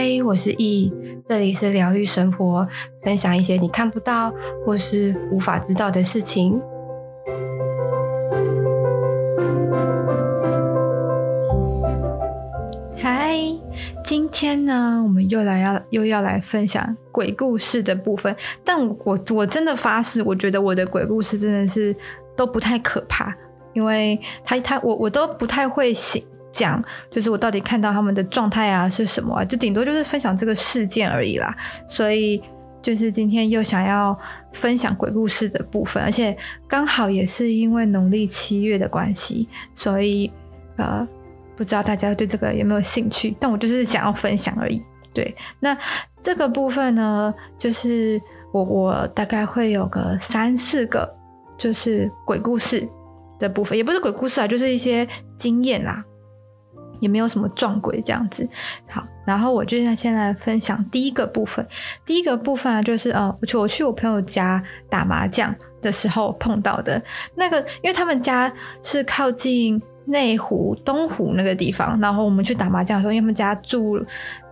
嗨，Hi，我是易。這裡是療癒生活，分享一些你看不到或是無法知道的事情。嗨，今天呢，我們又來要又要來分享鬼故事的部分，但我我真的發誓，我覺得我的鬼故事真的是都不太可怕，因為他他我我都不太會寫。講就是我到底看到他們的狀態啊是什麼啊？就頂多就是分享這個事件而已啦。所以就是今天又想要分享鬼故事的部分，而且剛好也是因為農曆七月的關係，所以呃不知道大家對這個有沒有興趣？但我就是想要分享而已。對，那這個部分呢，就是我我大概會有個三四個，就是鬼故事的部分，也不是鬼故事啊，就是一些經驗啦、啊。也沒有什麼撞鬼這樣子，好，然後我就先先來分享第一個部分。第一個部分啊，就是呃，我去我去我朋友家打麻將的時候碰到的那個，因為他們家是靠近內湖東湖那個地方，然後我們去打麻將的時候，因為他們家住了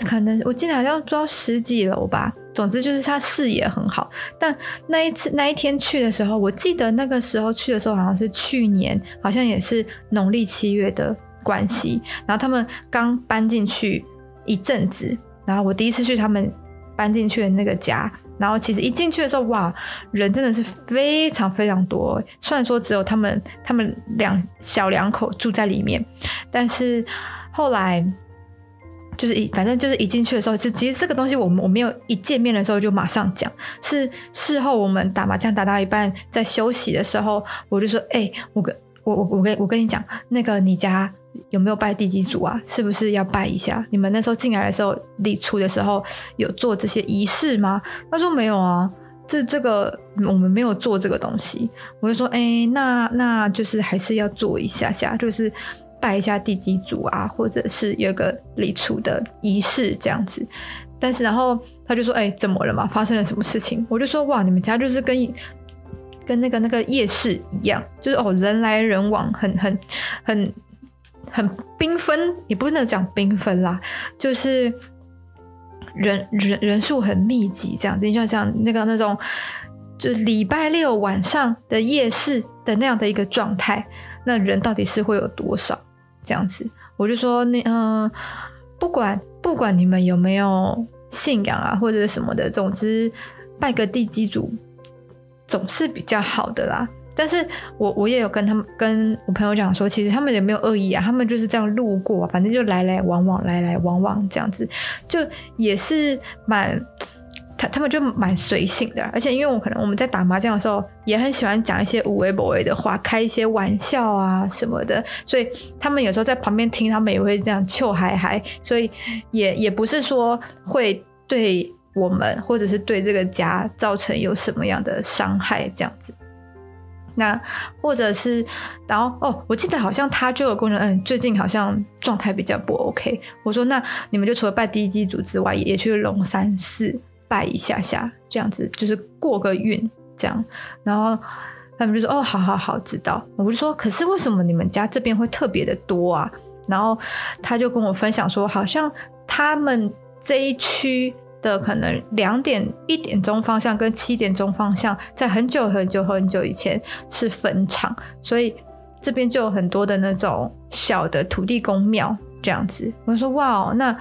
可能我記得好像住到十幾樓吧，總之就是他視野很好。但那一次那一天去的時候，我記得那個時候去的時候好像是去年，好像也是農曆七月的。關係，然後他們剛搬進去一陣子，然後我第一次去他們搬進去的那個家，然後其實一進去的時候，哇，人真的是非常非常多。雖然說只有他們他們兩小兩口住在裡面，但是後來就是一反正就是一進去的時候，其實其實這個東西我我沒有一見面的時候就馬上講，是事後我們打麻將打到一半在休息的時候，我就說，哎、欸，我跟我我我跟我跟你講，那個你家。有沒有拜地基主啊？是不是要拜一下？你們那時候進來的時候，禮出的時候有做這些儀式嗎？他說沒有啊，這這個我們沒有做這個東西。我就說，哎、欸，那那就是還是要做一下下，就是拜一下地基主啊，或者是有一個禮出的儀式這樣子。但是然後他就說，哎、欸，怎麼了嘛？發生了什麼事情？我就說，哇，你們家就是跟跟那個那個夜市一樣，就是哦，人來人往，很很很。很很繽紛，也不能講繽紛啦，就是人人人數很密集這樣子，就像像那個那種，就禮拜六晚上的夜市的那樣的一個狀態，那人到底是會有多少這樣子？我就說那嗯，不管不管你們有沒有信仰啊或者什麼的，總之拜個地基主總是比較好的啦。但是我我也有跟他們跟我朋友講說，其實他們也沒有惡意啊，他們就是這樣路過啊，反正就來來往往，來來往往這樣子，就也是蠻他他們就蠻隨性的，而且因為我可能我們在打麻將的時候，也很喜歡講一些無謂無謂的話，開一些玩笑啊什麼的，所以他們有時候在旁邊聽，他們也會這樣笑嗨嗨，所以也也不是說會對我們或者是對這個家造成有什麼樣的傷害這樣子。那或者是，然後哦，我記得好像他就有工人，嗯，最近好像狀態比較不 OK。我說那你們就除了拜地基主之外，也去龍山寺拜一下下，這樣子就是過個運這樣。然後他們就說哦，好好好，知道。我就說可是為什麼你們家這邊會特別的多啊？然後他就跟我分享說，好像他們這一區。的可能兩點一點鐘方向跟七點鐘方向，在很久很久很久以前是墳場，所以這邊就有很多的那種小的土地公廟這樣子。我說哇、哦，那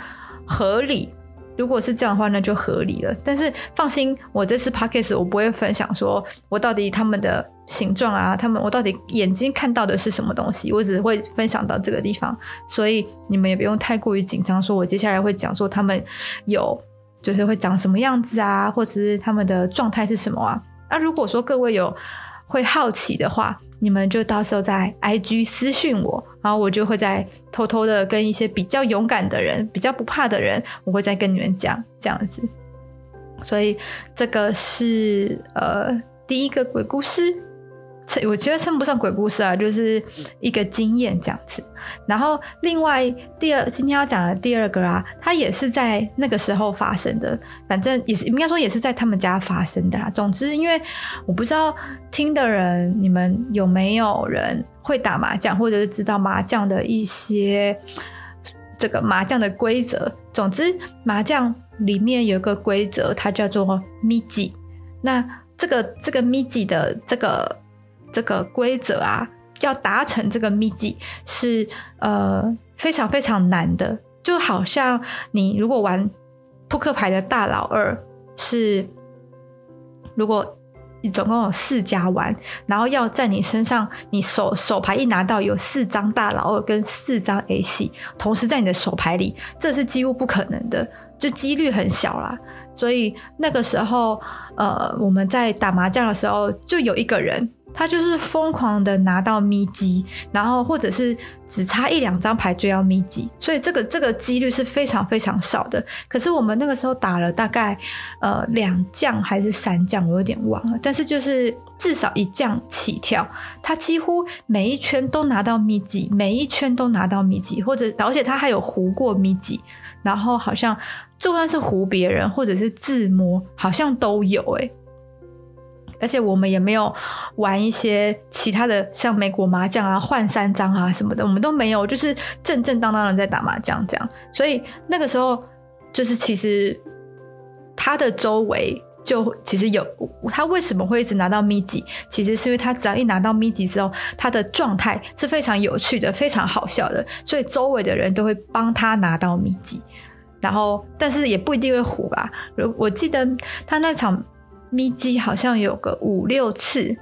合理，如果是這樣的話，那就合理了。但是放心，我這次 Podcast 我不會分享說我到底他們的形狀啊，他們我到底眼睛看到的是什麼東西，我只會分享到這個地方，所以你們也不用太過於緊張，說我接下來會講說他們有。就是會長什麼樣子啊，或者是他們的狀態是什麼啊？那、啊、如果說各位有會好奇的話，你們就到時候在 IG 私訊我，然後我就會再偷偷的跟一些比較勇敢的人、比較不怕的人，我會再跟你們講這樣子。所以這個是呃第一個鬼故事。我覺得稱不上鬼故事啊，就是一個經驗這樣子。然後另外第二，今天要講的第二個啊，它也是在那個時候發生的。反正也是應該說也是在他們家發生的啦。總之，因為我不知道聽的人你們有沒有人會打麻將，或者是知道麻將的一些這個麻將的規則。總之，麻將裡面有一個規則，它叫做咪嘰。那這個這個咪嘰的這個。這個規則啊，要達成這個秘籍是呃非常非常難的，就好像你如果玩撲克牌的大老二，是如果你總共有四家玩，然後要在你身上，你手手牌一拿到有四張大老二跟四張 A c，同時在你的手牌裡，這是幾乎不可能的，就幾率很小啦。所以那個時候，呃，我們在打麻將的時候就有一個人。他就是瘋狂的拿到咪機，然後或者是只差一兩張牌就要咪機，所以這個這個幾率是非常非常少的。可是我們那個時候打了大概呃兩將還是三將，我有點忘了。但是就是至少一將起跳，他幾乎每一圈都拿到咪機，每一圈都拿到咪機，或者而且他還有胡過咪機，然後好像就算是胡別人或者是自摸，好像都有誒、欸而且我們也沒有玩一些其他的，像美國麻將啊、換三張啊什麼的，我們都沒有，就是正正當當的在打麻將這樣。所以那個時候，就是其實他的周圍就其實有，他為什麼會一直拿到密集？其實是因為他只要一拿到密集之後，他的狀態是非常有趣的，非常好笑的，所以周圍的人都會幫他拿到密集。然後，但是也不一定會胡吧。如我記得他那場。密機好像有個五六次，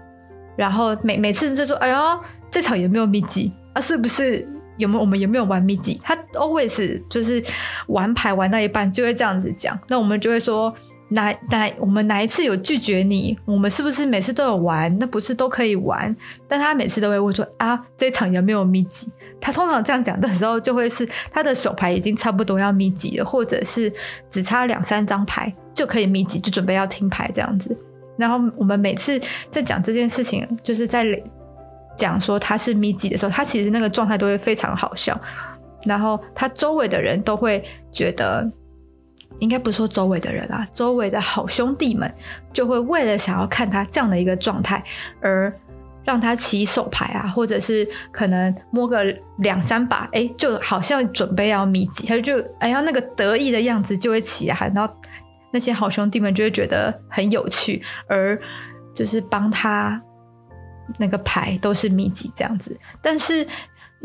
然後每每次就說：“哎呦，這場有沒有咪雞啊？是不是有沒有我們有沒有玩咪雞？”他 always 就是玩牌玩到一半就會這樣子講，那我們就會說。哪哪，我們哪一次有拒絕你？我們是不是每次都有玩？那不是都可以玩？但他每次都會問說：“啊，這場有沒有密集？”他通常這樣講的時候，就會是他的手牌已經差不多要密集了，或者是只差兩三張牌就可以密集，就準備要聽牌這樣子。然後我們每次在講這件事情，就是在講說他是密集的時候，他其實那個狀態都會非常好笑，然後他周圍的人都會覺得。應該不是說周圍的人啊，周圍的好兄弟們就會為了想要看他這樣的一個狀態，而讓他起手牌啊，或者是可能摸個兩三把，哎，就好像準備要密集，他就哎呀那個得意的樣子就會起啊，然後那些好兄弟們就會覺得很有趣，而就是幫他那個牌都是密集這樣子，但是。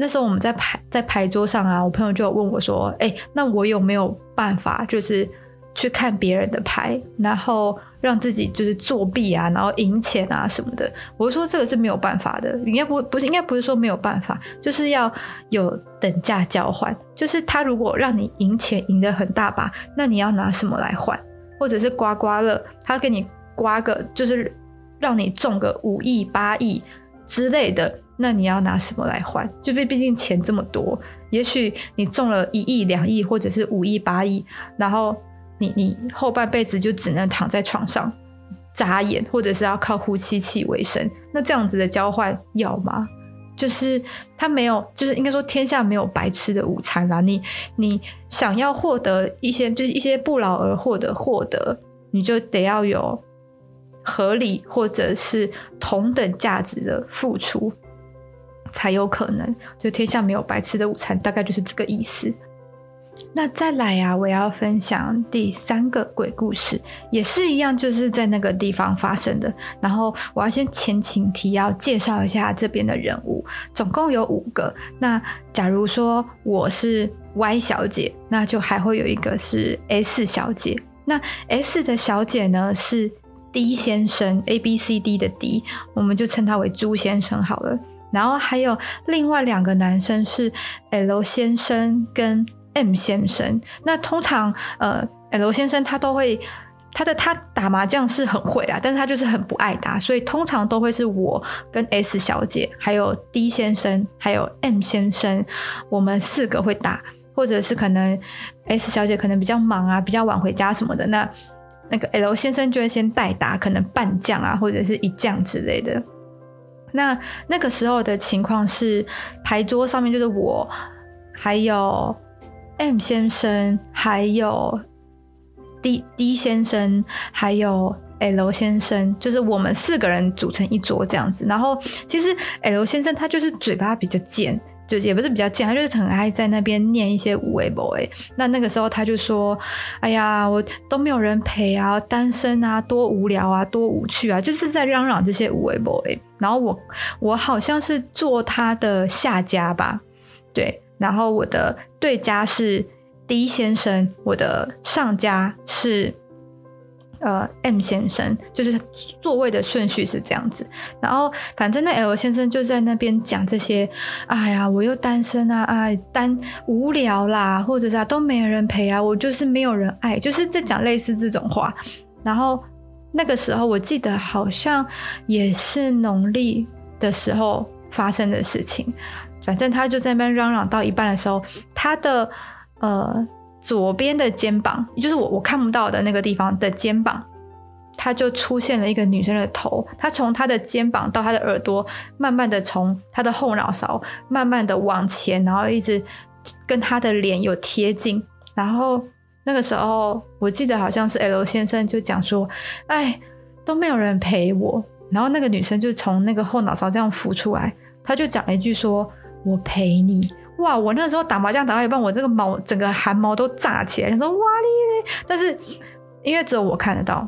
那時候我們在牌在牌桌上啊，我朋友就問我說：“哎，那我有沒有辦法，就是去看別人的牌，然後讓自己就是作弊啊，然後贏錢啊什麼的？”我說：“這個是沒有辦法的，應該不不是應該不是說沒有辦法，就是要有等價交換。就是他如果讓你贏錢贏得很大把，那你要拿什麼來換？或者是刮刮樂，他給你刮個就是讓你中個五億八億之類的。”那你要拿什麼來換？就畢畢竟錢這麼多，也許你中了一億、兩億，或者是五億、八億，然後你你後半輩子就只能躺在床上眨眼，或者是要靠呼吸器為生。那這樣子的交換要嗎？就是他沒有，就是應該說天下沒有白吃的午餐啊。你你想要獲得一些，就是一些不勞而獲的獲得，你就得要有合理或者是同等價值的付出。才有可能，就天下沒有白吃的午餐，大概就是這個意思。那再來啊，我要分享第三個鬼故事，也是一樣，就是在那個地方發生的。然後我要先前情提要，介紹一下這邊的人物，總共有五個。那假如說我是 Y 小姐，那就還會有一個是 S 小姐。那 S 的小姐呢，是 D 先生，A B C D 的 D，我們就稱他為朱先生好了。然後還有另外兩個男生是 L 先生跟 M 先生。那通常，呃，L 先生他都會他的他打麻將是很會啦，啊，但是他就是很不愛打，所以通常都會是我跟 S 小姐還有 D 先生還有 M 先生，我們四個會打，或者是可能 S 小姐可能比較忙啊，比較晚回家什麼的，那那個 L 先生就會先代打，可能半將啊或者是一將之類的。那那個時候的情況是，牌桌上面就是我，還有 M 先生，還有 D D 先生，還有 L 先生，就是我們四個人組成一桌這樣子。然後其實 L 先生他就是嘴巴比較賤，就是、也不是比較賤，他就是很愛在那邊念一些無謂 boy。那那個時候他就說：“哎呀，我都沒有人陪啊，單身啊，多無聊啊，多無趣啊！”就是在嚷嚷這些無謂 boy。然後我我好像是坐他的下家吧，對，然後我的對家是 D 先生，我的上家是呃 M 先生，就是座位的順序是這樣子。然後反正那 L 先生就在那邊講這些，哎呀，我又單身啊，哎單無聊啦，或者是、啊、都沒人陪啊，我就是沒有人愛，就是在講類似這種話。然後。那個時候我記得好像也是農曆的時候發生的事情，反正他就在那邊嚷嚷到一半的時候，他的呃左邊的肩膀，就是我我看不到的那個地方的肩膀，他就出現了一個女生的頭，他從他的肩膀到他的耳朵，慢慢的從他的後腦勺慢慢的往前，然後一直跟他的臉有貼近，然後。那個時候，我記得好像是 L 先生就講說：“哎，都沒有人陪我。”然後那個女生就從那個後腦勺這樣浮出來，她就講了一句說：“我陪你。”哇！我那時候打麻將打到一半，我這個毛整個汗毛都炸起來，你說哇哩哩！但是因為只有我看得到，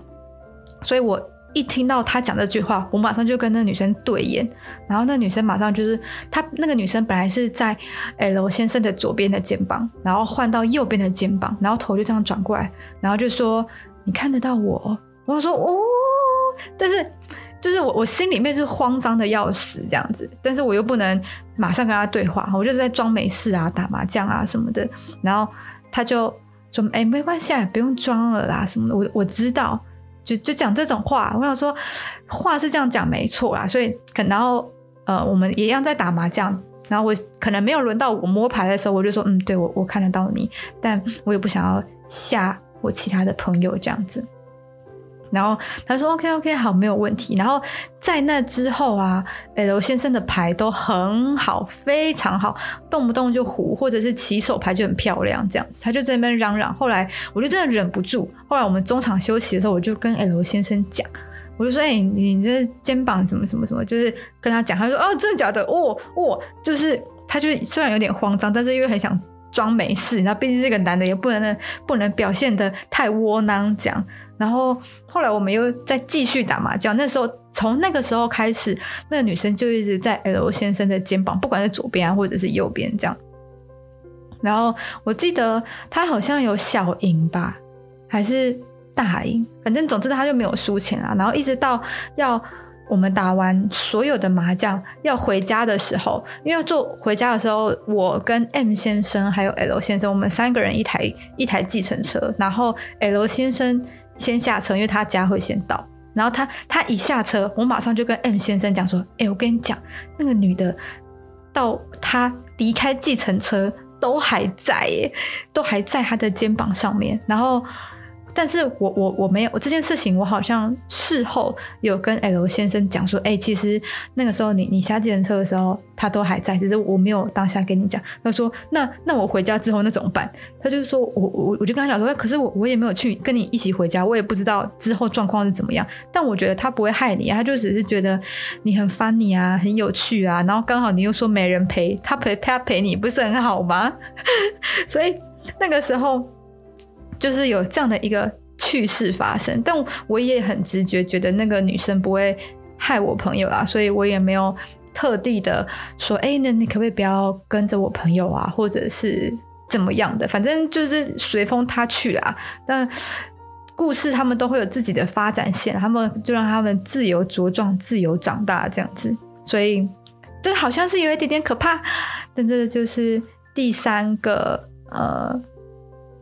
所以我。一聽到他講這句話，我馬上就跟那女生對眼，然後那女生馬上就是她，那個女生本來是在哎羅先生的左邊的肩膀，然後換到右邊的肩膀，然後頭就這樣轉過來，然後就說你看得到我，我說哦，但是就是我我心裡面是慌張得要死這樣子，但是我又不能馬上跟他對話，我就是在裝沒事啊，打麻將啊什麼的，然後他就說哎沒關係啊，不用裝了啦什麼的，我我知道。就就講這種話，我想說，話是這樣講沒錯啦，所以可然後呃，我們一樣在打麻將，然後我可能沒有輪到我摸牌的時候，我就說，嗯，對，我我看得到你，但我也不想要嚇我其他的朋友這樣子。然後他說 OK OK 好，沒有問題。然後在那之後啊，L 先生的牌都很好，非常好，動不動就胡，或者是起手牌就很漂亮，這樣子，他就在那邊嚷嚷。後來我就真的忍不住。後來我們中場休息的時候，我就跟 L 先生講，我就說：“哎、欸，你這肩膀什麼什麼什麼？”就是跟他講，他說：“哦，真的假的？哦哦，就是他就雖然有點慌張，但是又很想裝沒事。那畢竟這個男的也不能不能表現得太窩囊，這樣。”然後後來我們又再繼續打麻將。那時候從那個時候開始，那個女生就一直在 L 先生的肩膀，不管是左邊啊或者是右邊這樣。然後我記得她好像有小贏吧，還是大贏，反正總之她就沒有輸錢啊。然後一直到要我們打完所有的麻將要回家的時候，因為要坐回家的時候，我跟 M 先生還有 L 先生，我們三個人一台一台計程車，然後 L 先生。先下車，因為他家會先到。然後他他一下車，我馬上就跟 M 先生講說：“哎、欸，我跟你講，那個女的到他離開計程車都還在耶，都還在他的肩膀上面。”然後。但是我我我沒有我這件事情，我好像事後有跟 L 先生講說，哎、欸，其實那個時候你你下計程車的時候，他都還在，只是我沒有當下跟你講。他說，那那我回家之後那怎麼辦？他就是說我我我就跟他講說、欸，可是我我也沒有去跟你一起回家，我也不知道之後狀況是怎麼樣。但我覺得他不會害你，他就只是覺得你很 funny 啊，很有趣啊，然後剛好你又說沒人陪，他陪，陪他陪你不是很好嗎？ 所以那個時候。就是有這樣的一個趣事發生，但我也很直覺覺得那個女生不會害我朋友啦，所以我也沒有特地的說，哎、欸，那你可不可以不要跟着我朋友啊，或者是怎麼樣的？反正就是隨風他去啦。但故事他們都會有自己的發展線，他們就讓他們自由茁壯、自由長大這樣子。所以這好像是有一點點可怕，但這個就是第三個呃，